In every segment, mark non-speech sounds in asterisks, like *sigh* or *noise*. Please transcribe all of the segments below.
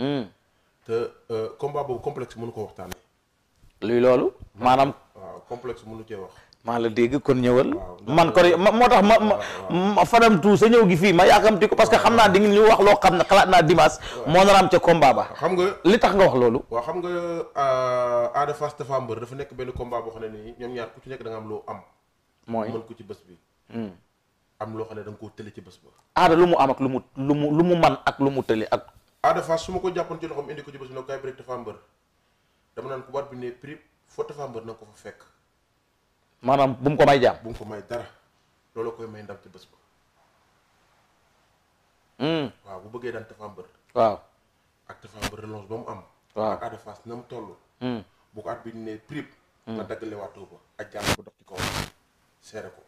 Hmm. te euh, combat boobu complexe mënu ko waxtaanee. luy loolu. maanaam waaw complexe mënu cee wax. maa la dégg kon ñëwal. man kon moo tax ma ma Fadam tout sa ñëw gi fii ma yaakamti ko parce que xam naa di ngeen wax loo xam ne xalaat naa Dimanche. moo nar am ca combat nga li tax nga wax loolu. waaw xam nga euh, Ada Fass dafa mbër dafa nekk benn combat boo xam ne nii ñoom ñaar ku ci nekk da am loo am. mooy mën ko ci bés bi. Hmm. am loo xam ne da nga koo ci bés ba. Ada lu mu am ak lu mu lu mu lu mu man ak lu mu tële ak. Ada Fass su ma ko jàppoon ci loxoom indi ko ci bés bi ne ko kaay bëre Tapha Mbeur dama naan ko na ko fa fekk. maanaam bu mu ko may jaam. bu ko may dara loolu koy may ndam ci hmm. bu bëggee daan Tapha Mbeur. waaw ak Tapha Mbeur relance ba mu am. waaw ak Ada na mu toll. Hmm. bu ko at bi ne prip. nga hmm. dagg lewaatoo ba ak jàmm ko dox ci kaw seere ko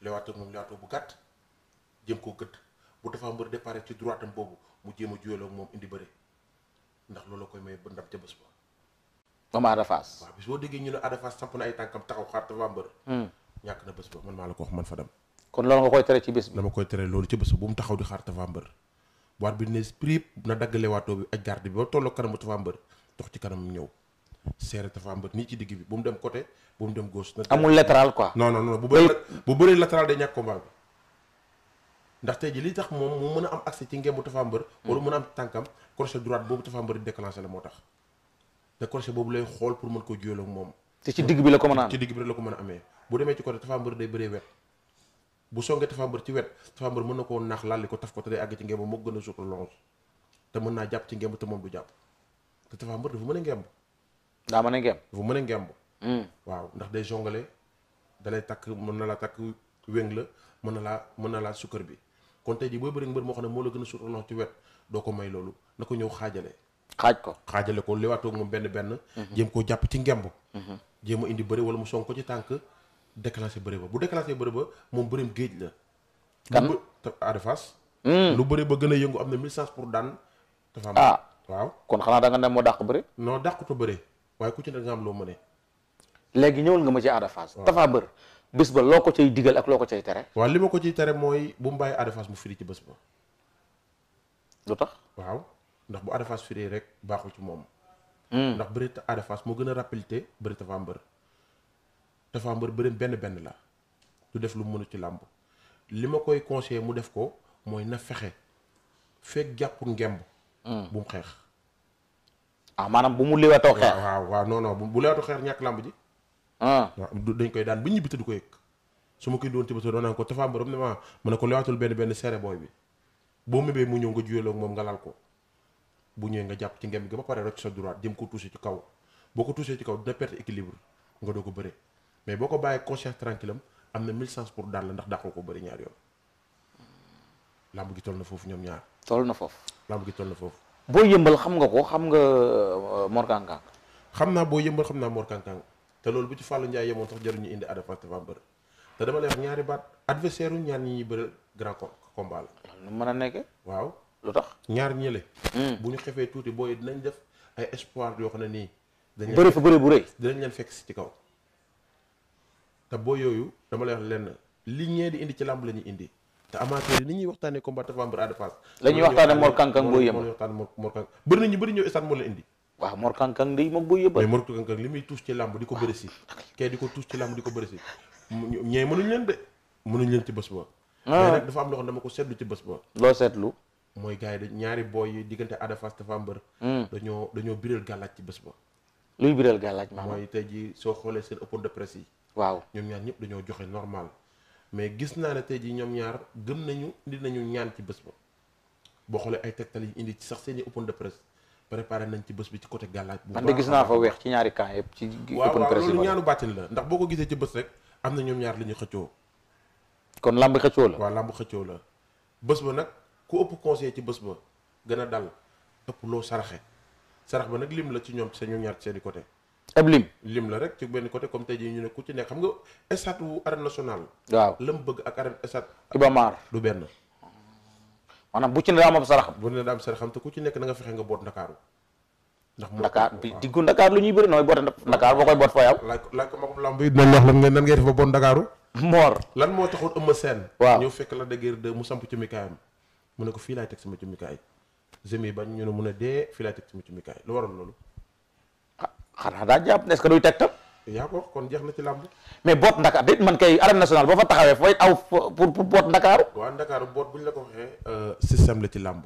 lewaatoo bu gàtt jëm koo gëtt bu Tapha Mbeur départ ci droitam boobu. mu jéem a juyaloo moom indi bëre ndax loolu koy may ndam ca bés ba. moom Ada Fass. waaw bis boo déggee ñu ne Ada Fass samp na ay tànkam taxaw xaar dafa mbër. Hmm. ñàkk na bés ba man maa ko man fa dem. kon loolu nga koy tere ci bés bi. dama tere loolu ci bés ba bu mu taxaw di xaar dafa mbër. waat bi ne prip na daggale waatoo bi ak garde bi ba tolloo mbër dox ci kanam ñëw. seere dafa mbër nii ci digg bi bu mu dem côté bu mu dem gauche. amul latéral quoi. non non non bu bëree bu bëree latéral day ñàkk combat bi ndax tey ji li tax moom mu mën a am accès ci ngembu Tapha Mbeur wala mën a am tànkam crochet droite boobu Tapha Mbeur di déclenché la moo tax te crochet boobu lay xool pour mën ko jiyaloo ak moom te ci digg bi la ko mën a am bi la ko mën a amee bu demee ci côté Tapha Mbeur day bëree wet bu songee Tapha Mbeur ci wet Tapha Mbeur mën na koo naax lalli ko taf ko te day àgg ci a suuf te mën naa jàpp ci ngemb te moom du jàpp te Tapha Mbeur dafa mën a ngemb daa mën a ngemb dafa mën a ngemb mm. waaw ndax day jongale dalay takk mën na laa takk wéng la mën na laa mën na laa sukkër bi kon tey ji booy bëri mbër moo xam ne moo la gën a suturloo ci wet doo ko may loolu na ko ñëw xaajale xaaj ko xaajale ko liwaatoog moom benn benn mhm. jéem koo jàpp ci ngemb mhm. jéem ma indi bëri wala mu song ko ci tànk déclenché bëri ba bu déclenché bëri ba moom bërim géej la kan Ada Fass mm. lu bëri ba gën a yëngu am na mille chance pour daan dafa am ah. waaw kon xanaa da nga ne moo dàq bëri non dàqutu bëri waaye ku ci ne nga am loo mëne léegi ñëwal nga ma ci Ada Fass bés ba loo ko cay digal ak loo ko cay tere. waaw li ma ko ciy tere mooy bu mu bàyyi Ada Fass mu firi ci bés lu tax waaw ndax bu Ada Fass rek baaxul ci moom. Hmm. ndax bëri na Ada Fass moo gën a rapidité bëri Tapha benn benn la du def lu mu mënu ci làmb li ma koy conseillé mu def ko mooy na fexe fekk jàppul ngemb. Hmm. bu mu xeex. ah maanaam bu mu liwatoo xeex. waaw waaw bu liwatoo xeex ñàkk làmb ji. Ah. dañ koy daan ba ñibbi te du ko yëg su ma koy doon tiba doon naa ko Tapha Mbeur ne ma ma ne ko lewaatul benn benn serré booy bi boo mébee mu ñëw nga juyaloog moom nga laal ko bu ñëwee nga jàpp ci ngem gi ba pare rocc sa droite jëm ko touché ci kaw boo ko touché ci kaw dina perte équilibre nga doo ko bëre mais boo ko bàyyee conscience tranquille am na mille chances pour daan la ndax dàqoo ko bëri ñaar yoon làmb gi toll na foofu ñoom ñaar toll na foofu làmb gi toll na foofu boo yëmbal xam nga ko xam nga euh, Mor Kang xam naa boo yëmbal xam naa Mor Kang te loolu bu ci Fallou Ndiaye yemoon tax jaruñu indi Ada Fass Tapha Mbeur te dama lay wax ñaari baat adversaire u ñaar ñi ñuy bëre grand combat la. nu man a nekkee. waaw lu tax ñaar ñële. Hmm. bu ñu xefee tuuti booy dinañ def ay espoir yoo xam ne nii. dañ bëri fa bëri bu rëy. dinañ leen fekk si ci kaw. te boo yooyu dama lay wax lenn li ñee di indi ci làmb la ñuy indi te amateur yi ni ñuy waxtaanee combat Tapha Mbeur Ada Fass. la ñuy waxtaanee Mor Kankang boo yem la ñuy waxtaanee bëri na ñu bëri ñëw stade moo la indi waaw Mor Kankang day moom boo yëbbal. mais Mor Kankang li muy tuus ci làmb di ko bëri si. kay di ko tuus ci làmb di ko bëri si ñee mënuñ leen de mënuñ leen ci bés ba. Ah. am loo xam dama seetlu ci bés ba. loo seetlu. mooy gars yi ñaari booy yi diggante Ada Fass dafa mbër. Hmm. dañoo dañoo biral gàllaaj ci bés ba. luy biral gàllaaj maanaam mooy tey jii soo xoolee seen open de presse yi. waaw ñoom ñaar ñëpp dañoo joxe normal mais gis naa ne tey jii ñoom ñaar gëm nañu indi nañu ñaan ci bés ba boo xoolee ay tegtal yi indi ci sax seen i open de presse préparé nañ ci bés bi ci côté gàllaaj bu man de gis naa fa weex ci ñaari camp yëpp ci open press loolu ñaanu bàttin la ndax boo ko gisee ci bés rek am na ñoom ñaar li ñu xëccoo kon lamb xëccoo la waaw lamb xëccoo la bés ba nag ku ëpp conseil ci bës ba gën a dal ëpp loo saraxe sarax ba nag lim la ci ñoom sa ñoom ñaar seeni seen i côté ab lim lim la rek ci benn côté comme tey jii ñu ne ku ci nekk xam nga stade wu arène nationale waaw lam bëgg ak arène stade Iba Mar du benn maanaam bu ci ne daa saraxam bu ne daa am saraxam te ku ci nekk na nga fexe nga boot ndakaaru ndax ndakaar bi diggu ndakaar lu ñuy bëri na boote ndakaar boo koy boot fa yow lan nga nan ngay def ba boot ndakaaru moor lan moo taxoon ëmma seen waaw ñëw fekk la dëgër de mu samp ci mu ne ko fii laay teg sama ci mikaay jemi bañ ñu ne mun a dee fii laay teg sama ci mikaay lu waroon loolu ah xanaa daa jàpp ne est-ce que duy yaa ko kon jeex na ci làmb. mais boot Ndakaar de man kay arène nationale boo fa taxawee fooy aw pour pour boot Ndakaar. waaw Ndakaar boot bu ñu la ko waxee. Euh, système la ci làmb.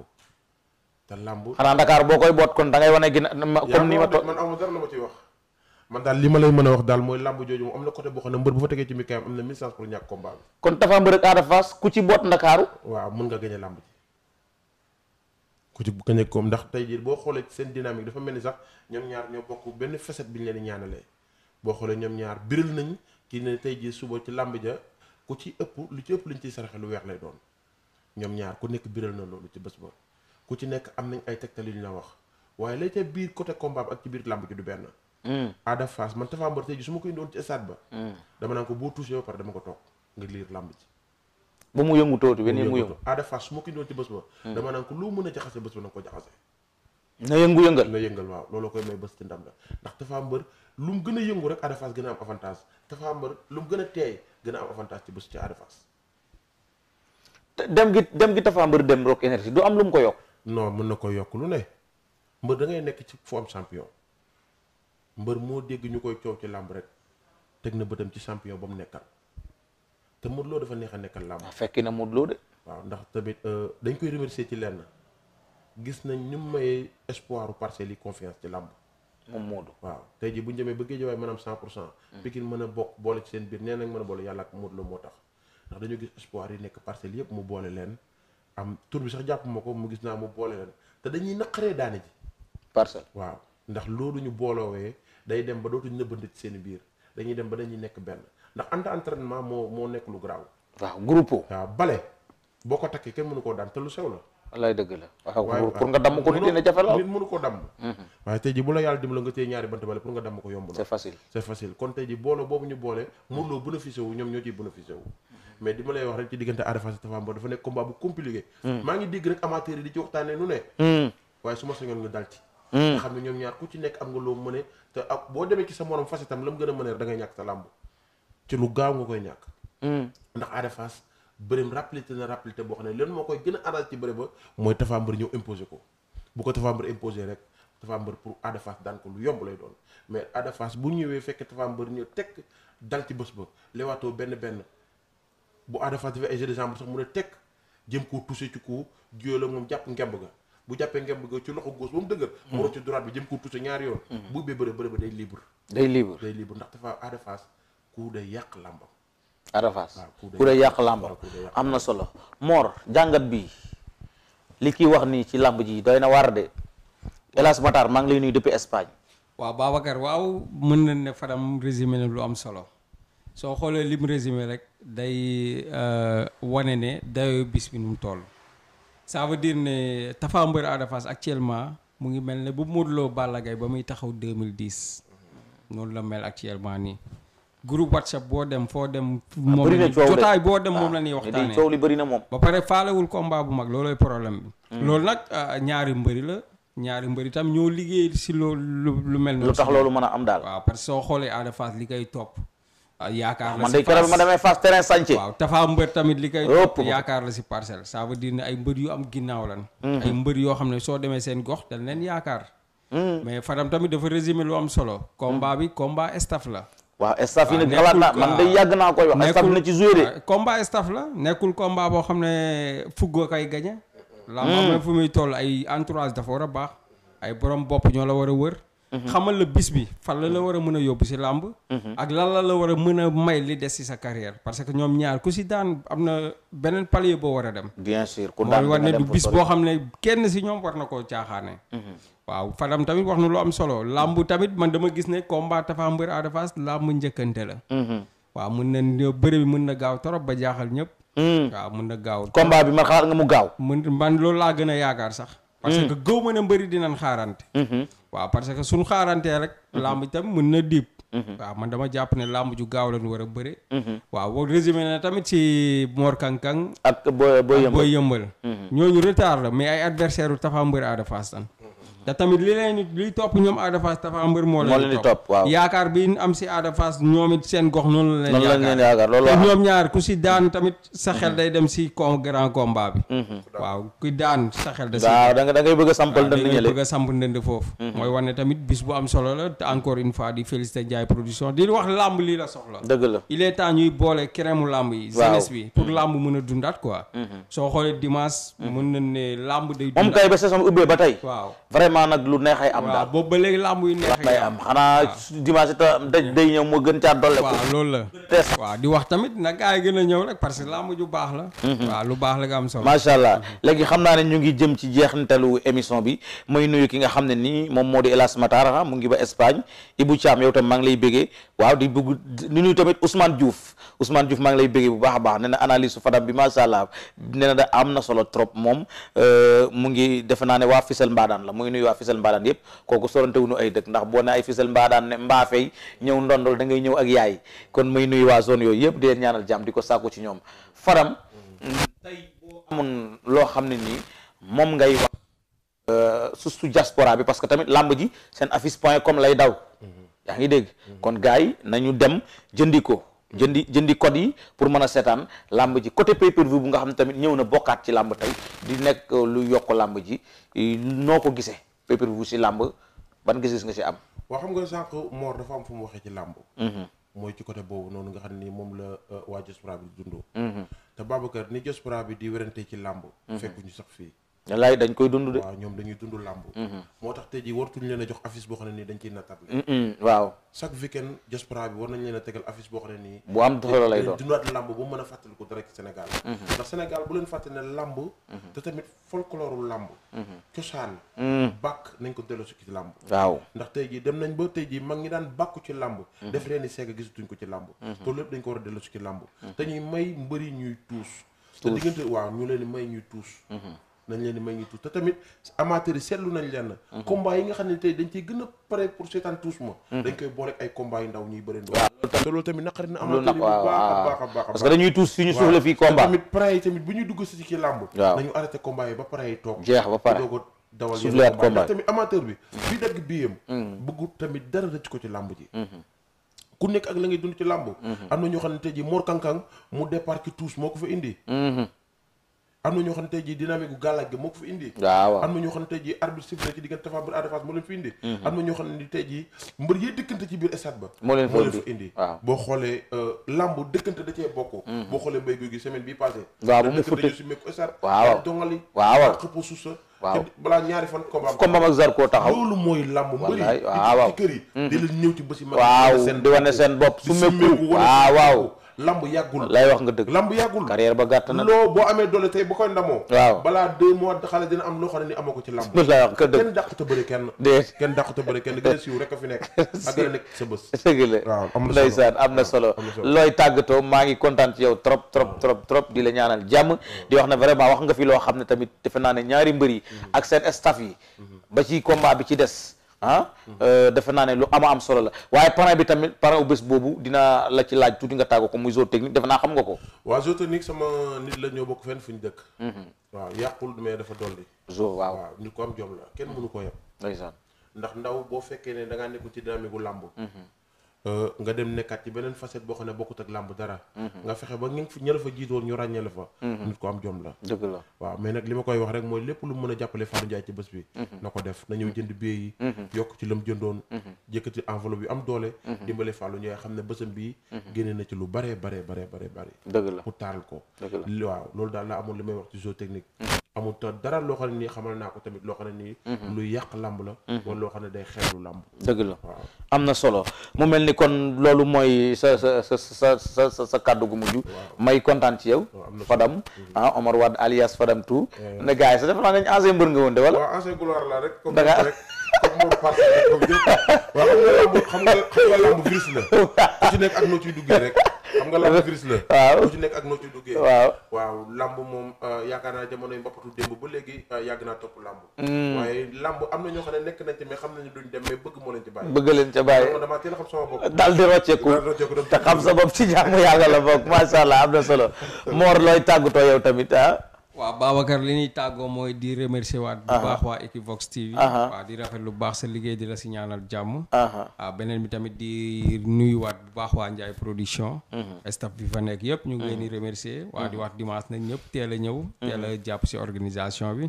te làmb. xanaa Ndakaar boo koy boot kon da ngay wane gin comme ni ma. yaa man amul dara la ma ciy wax. man daal li ma mën a wax daal mooy làmb jooju moom am na côté boo xam ne mbër bu fa tegee ci mikaayam am na mille chance pour ñàkk combat bi. kon Tapha Mbeur ak Ada Fass ku ci boot Ndakaaru. waaw mën nga gagné làmb ji. ku ci gagné koom ndax tey jii boo xoolee seen dynamique dafa mel ni sax ñoom ñaar ñoo bokk benn facette bi ñu leen ñaanalee boo xoolee ñoom ñaar biral nañ ci ne tey jii suba ci làmb ja ku ci ëpp lu ci ëpp liñ ciy saraxe lu weex lay doon ñoom ñaar ku nekk biral na loolu ci bés ba ku ci nekk am nañ ay tegtal yu ñu la wax waaye lay ca biir côté combat ak ci biir làmb ji du benn. Hmm. Ada Fass man Tapha Mbeur tey su ma koy doon ci stade ba. Hmm. dama ko boo touché ba dama ko toog nga liir làmb ji. ba mu yëngu tootu beneen mu yëngu. Ada Fass su ma koy ci bés ba. Hmm. dama naan ko loo mën a jaxase bés ba na ko jaxase. na yëngu yëngal na yëngal waaw looloo koy may bés ci ndam la ndax Tapha Mbeur lu mu gën a yëngu rek Ada gën a am avantage dafa am lu mu gën a teey gën a am avantage ci bés ci Ada Fass dem gi dem gi dafa mbër dem rock énergie du am lu mu ko yokk non mën na ko yokk lu ne mbër da ngay nekk ci fu am champion mbër moo dégg ñu koy coow ci làmb rek teg na bëtam ci champion ba mu nekkal te Modou Lo dafa neex a nekkal làmb ah, fekki na Modou loo de waaw ndax tamit euh, dañ koy remercier ci lenn gis nañ ñu mayee espoiru parcelles yi confiance ci làmb moom Modou waaw tey ji bu ñu demee ba Guédiawaye maanaam 100 pour cent mm. Pikine mën a bokk boole ci seen biir nee nag mën a boole yàlla ak Modou Lo moo tax ndax dañu gis espoir yi nekk parcelles yëpp mu boole leen am tur bi sax jàpp ma ko mu gis naa mu boole leen te dañuy naqaree daane ji parcelle waaw ndax loolu ñu booloowee day dem ba dootuñ nëbbante ci seen biir dañuy dem ba dañuy nekk benn ndax anta entraînement moo moo nekk lu garaaw waaw groupe waaw bale boo ko takkee kenn mënu koo daan te lu wallaay dëgg la waaw pour nga damm ko nit dina jafe la nit mënu ko damm mm-hmm. waaye tey ji bu la yàlla dimbali nga téye ñaari bant bale pour nga damm ko yomb na c'est facile c'est facile kon tey ji booloo boobu ñu boole mënuloo bénéficié wu ñoom ñoo ciy bénéficié wu mm-hmm. mais di lay wax rek ci diggante Ada Fass Tapha Mbeur dafa nekk combat mm. maa ngi dégg rek amateur di ci waxtaanee nu ne mm. waaye su ma sañoon nga dal ci mm. xam ne ñoom ñaar ku ci nekk am nga loo mëne a bëreem rapidité na rapidité boo xam ne leen moo koy gën a aral ci bëre ba mooy Tapha Mbeur ñëw imposé ko bu ko Tapha Mbeur imposé rek Tapha Mbeur pour Ada Fass daan ko lu yomb lay doon mais Ada Fass bu ñëwee fekk Tapha Mbeur ñëw teg dal ci bés ba lewaatoo benn benn bu Ada Fass defee mu ne teg jëm koo touché ci ko jiyoo la moom jàpp ngemb bu jàppee ngemb ga ci loxo góos ba mu dëgër mu rocc ci droite bi yoon mm. bu ubbee bëre bëre ba day libre day libre day libre ndax Tapha Ada Fass ku day yàq làmbam arafas ah, ku dee yàq làmb am na solo moor jàngat bi li kiy wax nii ci làmb ji doy na war de Elas Matar maa ngi lay nuy depuis Espagne waaw Babacar waaw mën nañ ne Fadam résumé na lu am solo soo xoolee lim résumé rek day euh, wane ne dayoo bis bi nu mu toll ça ne Tapha Mbeur Ada actuellement mu ngi mel ne bu Modou Lo Balla Gaye ba muy taxaw 2010 noonu la mel actuellement nii groupe whatsapp boo dem foo dem. Ah, moom la jotaay boo dem moom ah, la ñuy waxtaanee coow li bëri na ba pare faalewul combat bu mag loolooy problème bi. Hmm. loolu nag ah, ñaari mbëri la ñaari mbëri tam ñoo liggéey si loolu lu mel. lu tax loolu man a am daal. waaw parce que soo xoolee Ada Fass li koy topp. yaakaar la si man de keroog ma demee Fass terrain Sanché. waaw Tafa mbër tamit li koy. topp yaakaar la si parcelle. ça ay mbër yu am ginnaaw lan. Hmm. ay mbër yoo xam ne soo demee seen gox dañ leen yaakaar. Hmm. mais Fadam tamit dafa résumé lu am solo. combat bi combat staff la waaw staff yi nag xalaat naa man day yàgg naa koy wax staff na ci joué la nekkul combat boo xam ne fugga kay gañe hmm. la ma fu muy toll ay entourage dafa war a baax ay borom bopp ñoo la war a wër hmm. xamal la bis bi fan la la war a mën a yóbbu si làmb hmm. ak lan la la war a mën a may li des si sa carrière parce que ñoom ñaar ku si daan am na beneen palier boo war a dem bien sûr ku daan war ne du bis boo xam ne kenn si ñoom war na koo caaxaane waaw Fadam tamit wax na lu am solo làmb tamit man dama gis ne combat Tapha Mbeur Ada Fass làmb njëkkante la. Mhm. waaw mun na bëre bi mun na gaaw trop ba jaaxal ñëpp. Mhm. waaw mun na gaaw. combat bi ma xaar mu gaaw. mën man loolu laa gën a yaakaar sax. parce mhm. que gëw ma ne mbëri dinañ xaarante. waaw parce que suñ xaarantee rek. làmb itam mën na diib. waaw man dama jàpp ne làmb ju gaaw lañu war a bëre. waaw résumé na tamit si Mor Kankang. ak Boy Boy Yëmbal ñooñu retard la mais ay adversaire u Tapha Mbeur Ada te tamit li leen liy topp ñoom Ada Fass Tapha Mbeur moo leen di topp waaw yaakaar bi am si Ada Fass ñoom it seen gox noonu la leen leen yaakaar loolu te ñoom ñaar ku si daan tamit sa xel mhm. day dem si con grand combat bi mhm. waaw ku daan sa xel da si waaw da da ngay bëgg a samp ndënd foofu mhm. mooy wane tamit bis bu am solo la te encore une fois di félicité Ndiaye production di wax làmb lii la soxla dëgg la il temps ñuy boole crème làmb yi jeunesse bi pour làmb mën a dundaat quoi soo xoolee dimanche mën na ne làmb day dundaat ba saison ubbee rarement nag lu neexay am daal boobu ba léegi lamb yu neexay am xanaa dimanche itam daj day ñëw moo gën caa dolle ko waaw loolu la waaw di wax tamit nag gars yi a ñëw la mhm. waaw lu baax la nga am solo macha allah mhm. léegi xam naa ne ñu ngi jëm ci jeexintalu émission bi may nuyu ki nga xam ne nii moom moo di Elas Matara ah, mu ngi ba Espagne Ibou Thiam yow tam maa ngi lay béggee waaw di bëgg ni nuyu tamit Ousmane Diouf Ousmane Diouf maa ngi lay béggee bu baax a baax nee na analyse su fadam bi macha allah nee na da am na solo trop moom euh, mu ngi defe naa ne waa Fisel Mbaadaan la mu nuyu waa Fissel Mbadaan yëpp kooku sorante wuñu ay dëkk ndax boo ne ay Fissel Mbadaan ne Mbaafey da ngay ñëw ak yaay faram loo xam ne nii moom ngay wax euh, su su diaspora bi parce que tamit làmb ji seen affiche point com lay daw mm-hmm. yaa ngi dégg kon gars yi nañu dem jëndi ko jëndi jëndi code yi pour mën a seetaan làmb ji côté pay bu nga xam tamit ñëw na bokkaat ci làmb tey di nekk lu yokk làmb ji noo ko gisee pay per si làmb ban gis-gis nga si am. waa xam nga sànq Mor dafa am fu mu waxee ci làmb. Mhm. mooy ci côté boobu noonu nga xam ni moom la euh, waa Diaspora bi dundoo. Mhm. te Babacar ni Diaspora bi di werante ci làmb. Mhm. fekkuñu sax fii. wallaay dañ koy dund de. waaw ñoom dañuy dund làmb. Mm-hmm. moo tax tey jii wartuñ leen jox affiche boo xam ne nii dañ ciy nattable. waaw chaque bi war nañ leen a tegal affiche boo xam ne nii. bu am solo lay doon dundaat làmb bu a fàttali ko dara ci Sénégal. Mm-hmm. ndax Sénégal bu leen fàttali ne làmb. Mm-hmm. te tamit folklooru làmb. cosaan. Mm. nañ ko delloosi ci làmb. waaw ndax tey jii dem nañ ba tey jii mag ñi daan bàkku ci làmb. def leen ni seega gisatuñ ko ci làmb. loolu lépp dañ ko war a delloosi ci làmb. te ñuy may mbëri ñuy tuus. tuus te diggante waaw ñu leen may ñuy tuus nañ leen di may ñu tuus te tamit amateur yi seetlu mhm. yi nga xam ne dañ ciy gën a pare pour mhm. yi bu baax a baax parce que dañuy bu ñuy dugg si ci làmb nañu arrêté combat yi ba pare yi toog jeex ba pare doogo dawal yeneen combat tamit amateur bi mhm. fii dagg biyam bëggu tamit dara rëcc ko ci làmb ji ku nekk ak la ngay dund ci làmb am na ñoo xam ne tey ji Mor mu départ ki tuus moo ko fa indi am na ñoo xam ne tey jii dynamique gu gàllaaj ga moo ko fi indi waaw am na ñoo xam ne tey jii arbitre sifflé ci diggante Tapha Mbeur Ada moo leen mhm. fi indi waaw boo xoolee euh, lamb dëkkante da cee bokk mhm. boo xoolee bay guy gi semaine bii passé waaw bu waaw balaa ñaari fan combat combat ak koo taxaw loolu mooy lamb mbëri waaw waaw ci kër yi waaw waaw lamb yàggul lay wax nga dëgg lamb yàggul carrière ba gàtt na loo boo amee doole tey bu koy ndamoo waaw balaa deux mois xale dina am loo lay wax a siiw rek a fi nekk la waaw ndeysaan am na solo looy tàggatoo maa ngi kontaan ci yow trop trop trop trop di la ñaanal jàmm di wax na vraiment wax nga fi loo xam ne tamit defe naa ne ñaari mbër yi mm-hmm. ak seen staff yi mm-hmm. ba ci combat bi ci des ah euh, defe naa ne lu ama am solo la waaye parrain bi tamit parrain u bés boobu dina la ci laaj tuuti nga tàggu ko muy zoo technique defe naa xam nga ko waa zoo technique sama nit la ñoo bokk fenn fu ñu dëkk mhm. waaw yàqul mais dafa dolli zoo waaw waaw nit ko am jom la kenn mënu ko yem ndeysaan ndax ndaw boo fekkee ne dangaa nekku nekk ci dynamique gu làmb mhm. Euh, nga dem nekkaat ci beneen facette boo xam ne bokkut ak làmb dara mhm. nga fexe ba ngeen ña la fa jiitoon ñu ràññee la fa mhm. nit ko am jom la dëgg la waaw mais nag li ma koy wax rek mooy lépp lu mën a jàppale Fallou Ndiaye ci bés bi mhm. na ko def na ñëw jënd billet yi yokk ci lam jëndoon jëkkati enveloppe yu am doole dimbale Fallou Ndiaye xam ne bésam bi génne na ci lu bare bare bare bare bare dëgg la pour taaral ko waaw loolu daal la amoon li may wax ci zootechnique amul te dara loo xam ne nii xamal naa ko tamit loo xam ne nii. Mhm. lu yàq lamb la. Mhm. wala loo xam ne day xeelu lamb. dëgg la waaw am na solo mu mel ni kon loolu mooy sa sa sa sa sa sa kàddu gu mujj. may kontaan ci yow. Fadam mhm. ah Omar Wade alias Fadam tout. Eh. ne gars yi sax dafa naa ne ancien mbër nga woon de wala. waaw ancien gloire la rek. da ngaa comme moom parce que comme waaw nga lamb xam la. *laughs* xam nga lamb gris waaw ak noo ci duggee. waaw waaw lamb moom euh, yaakaar naa jamono yi mboppatu démb ba léegi euh, yàgg naa topp lamb. Hmm. waaye lamb am na ñoo xam ne nekk na ci mais xam nañu duñ dem mais bëgg moo leen ci bàyyi. bëgg leen ca bàyyi man a xam sama bopp. daal di rocceeku te xam sa bopp ci jaamu yàlla la bokk macha allah am na solo *laughs* Mor looy tàggatoo yow tamit ah. waaw Babacar li ñuy tàggoo mooy di remercier waat bu baax waa Equivox TV waaw di rafet lu baax sa liggéey di la si ñaanal jàmm waaw beneen bi tamit di nuyu waat bu baax waa Ndiaye production mhm. staff bi fa nekk yëpp ñu ngi leen di mhm. remercier waa di mhm. wax dimanche nañ ñëpp teel a ñëw teel a jàpp si organisation bi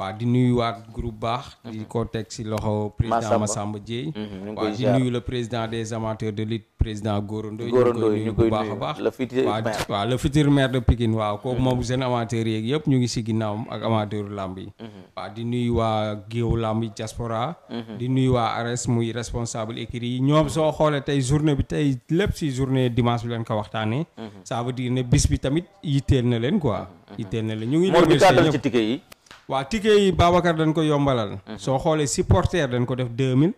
waa di nuyu waat groupe baax di ko teg si loxo président Massamba Dieye waa di nuyu le président des amateurs de lutte président Goro Ndoye Goro Ndoye ñu koy nuyu bu baax a baax le futur maire waaw le maire de Pikine waaw kooku moom seen amateur yeeg yëpp ñu ngi si ginnaaw ak amateur lamb yi mhm. waaw di nuyu waa géew lamb yi diaspora mhm. di nuyu waa Ares muy responsable écurie yi ñoom soo xoolee tey journée bi tey lépp si journée dimanche bi leen ko waxtaanee mhm. ça veut dire ne bis bi tamit yitteel na leen quoi yitteel na leen ñu ngi ñëpp ci ticket yi waa ticket yi Babacar dañ ko yombalal soo xoolee supporter dañ ko def 2000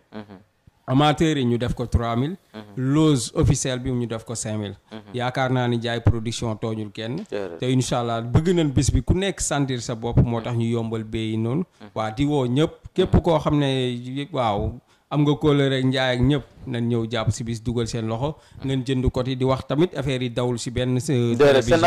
amateurs yi ñu def ko mille mhm. loge officielle bi ñu def ko mille mhm. yaakaar naa ni jaay production tooñul kenn. te incha allah bëgg nañ bis bi ku nekk sentir sa bopp moo tax ñu yombal bee noonu. Mhm. waa di woo ñëpp képp koo xam ne waaw. am nga kóolóore ak njaay ak ñëpp nañ ñëw jàpp si bis dugal seen loxo. ngeen jënd ko di wax tamit affaire yi dawul si benn. télévision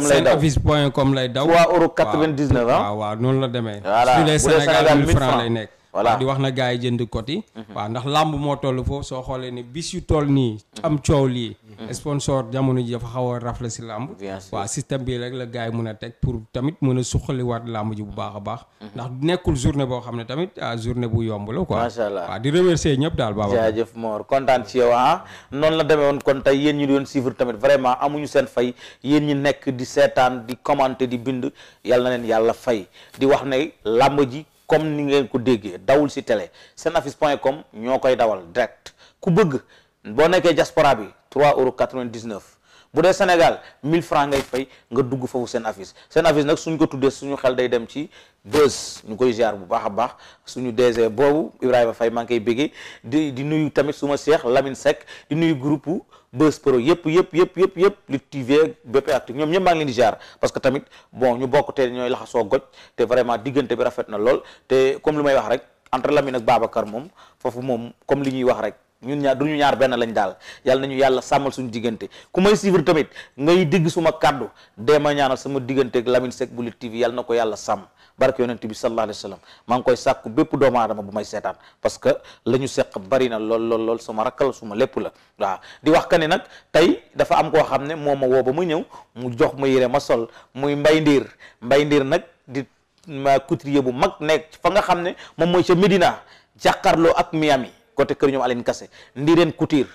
senaffice point comme lay daw. 3 euros 99 waaw waaw noonu la demee. voilà dee Sénégal 1000 francs lay nekk. voilà di wax na gars yi jënd code yi mhm. ndax làmb moo toll foofu soo xoolee ne bis yu toll nii mhm. am coow lii mhm. sponsor jamono ji dafa xaw a rafle si làmb waaw système bii rek la gars yi mën a teg pour tamit mën a suqaliwaat làmb ji bu baax a baax ndax nekkul journée boo xam ne tamit ah, journée bu yomb la ko macha allah waaw di remercier ñëpp daal baaba jaajëf Mor kontaan ci yow ah noonu la demee woon kon tey yéen ñi doon suivre tamit vraiment amuñu seen fay yéen ñi nekk di seetaan di commenter di bind yàlla leen yàlla fay di wax ne làmb ji comme ni ngeen ko déggee dawul si télé senafis point comme ñoo koy dawal direct ku bëgg boo nekkee diaspora bi 3 euros 99 bu dee Sénégal 1000 francs ngay fay nga dugg foofu seen affiche seen affiche nag suñ ko tuddee suñu xel day dem ci bës ñu koy ziar bu baax a baax suñu DG boobu Ibrahima Faye maa ngi koy béggee di di nuyu tamit su ma seex Lamine Seck di nuyu group Buzz Pro yëpp yëpp yëpp yëpp yëpp Lutte TV BP Actu ñoom ñëpp maa ngi leen di parce que tamit bon ñu bokk te ñooy laxasoo goj te vraiment diggante bi rafet na lool te comme lu may wax rek entre lamin ak Babacar moom foofu moom comme li ñuy wax rek ñun ñaar du ñu ñaar benn lañ daal yàlla nañu yàlla sàmmal suñu diggante ku may suivre tamit ngay dégg suma kàddu dee ma ñaanal sama diggante ak Lamine Seck bu Lutte TV yàlla na ko yàlla sàmm barke yonent bi sallallahu alayhi wa maa ngi koy sàkku bépp doomu bu may seetaan parce que la ñu seq bari na lool lool lool sama rakk la suma lépp la waaw di wax ka ne nag tey dafa am koo xam ne moom ma woo ba ma ñëw mu jox ma yére ma sol muy mbay ndiir mbay ndiir nag di ma couturier bu mag nekk fa nga xam ne moom mooy ca Médina jàkkaarloo ak Miami côté kër ñoom Aline Kassé Ndiréen Couture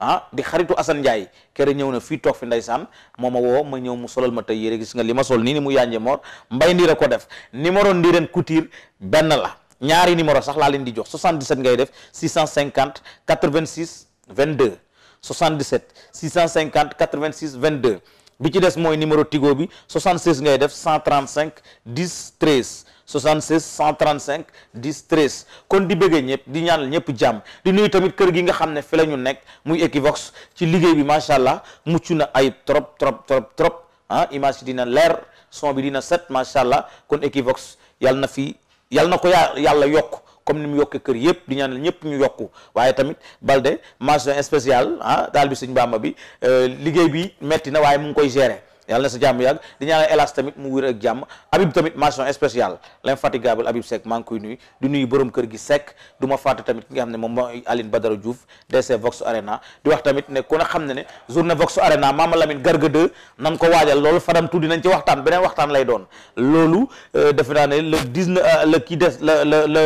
ah di xaritu Assane Ndiaye kere ñëw na fii toog fi ndeysaan moo ma woo ma ñëw mu solal ma tey yére gis nga li ma sol nii ni mu yànje moor mbay ndiir a ko def numéro Ndiréen Couture benn la ñaari numéro sax laa leen di jox 77 ngay def 650 86 22 77 650 86 22 bi ci des mooy numéro Tigo bi 76 ngay def 135 10 13 76 135 10 13 kon di bëggee ñëpp di ñaan ñëpp jàmm di nuyu tamit kër gi nga xam ne fi la ñu nekk muy Equivox ci liggéey bi macha allah mucc na ayib trop trop trop trop ah image dina leer son bi dina set macha allah kon Equivox yàlla na fi yàlla na ko yaa yàlla yokk. comme ni mu yokkee kër yëpp di ñaanal ñëpp ñu yokku waaye tamit Balde mention spéciale ah daal bi sëñ Bamba bi euh, liggéey bi metti na waaye mu ngi koy gérer yàlla na sa jàmm yàgg di ñaanal hélas tamit mu wér ak jàmm Habib tamit mention spéciale l'infatigable Habib Seck maa ngi koy nuyu di nuyu borom kër gi sekk du ma fàtte tamit ki nga xam ne moom mooy Aline Badara Diouf DC Vox Arena di wax tamit ne ku ne xam ne ne journée Vox Arena Mama Lamine Garga 2 nan ko waajal loolu Fadam tuddi nañ ci waxtaan beneen waxtaan lay doon loolu euh, defe naa ne le 19 euh, la kii des la la la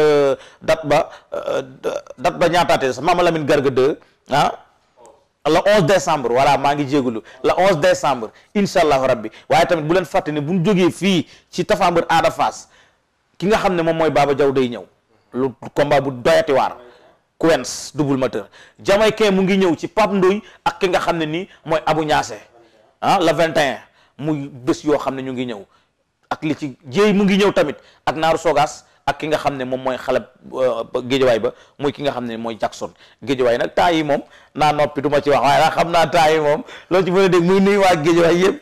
date ba euh, date ba ñaataate sa Mama Lamine Garga 2 le 11 décembre voilà maa ngi jégalu le onze décembre incha allahu rabbi waaye tamit bu leen fàtte ne bu ñu jógee fii ci Tafambër Ada fas ki nga xam ne moom mooy Baba Jaw day ñëw lu combat bu doyati waar Queens double moteur jamaïcain mu ngi ñëw ci Pape Ndoy ak ki nga xam ne nii mooy Abu Ñaase ah le 21 muy bés yoo xam ne ñu ngi ñëw ak li ci jéey mu ngi ñëw tamit ak Naaru Sogas ak ki nga xam ne moom mooy xale euh, géejawaay ba muy ki nga xam ne mooy Jackson géejawaay nag temps yi moom naa noppi duma ci wax waaye nag xam naa temps yi moom loolu ci mën a muy nuy waa géejawaay yëpp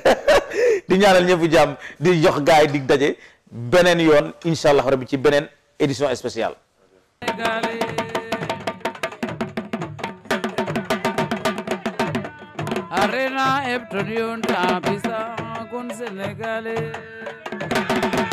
*laughs* di ñaanal ñëpp jàmm di jox gars yi di daje beneen yoon incha allah bi ci beneen édition spéciale arena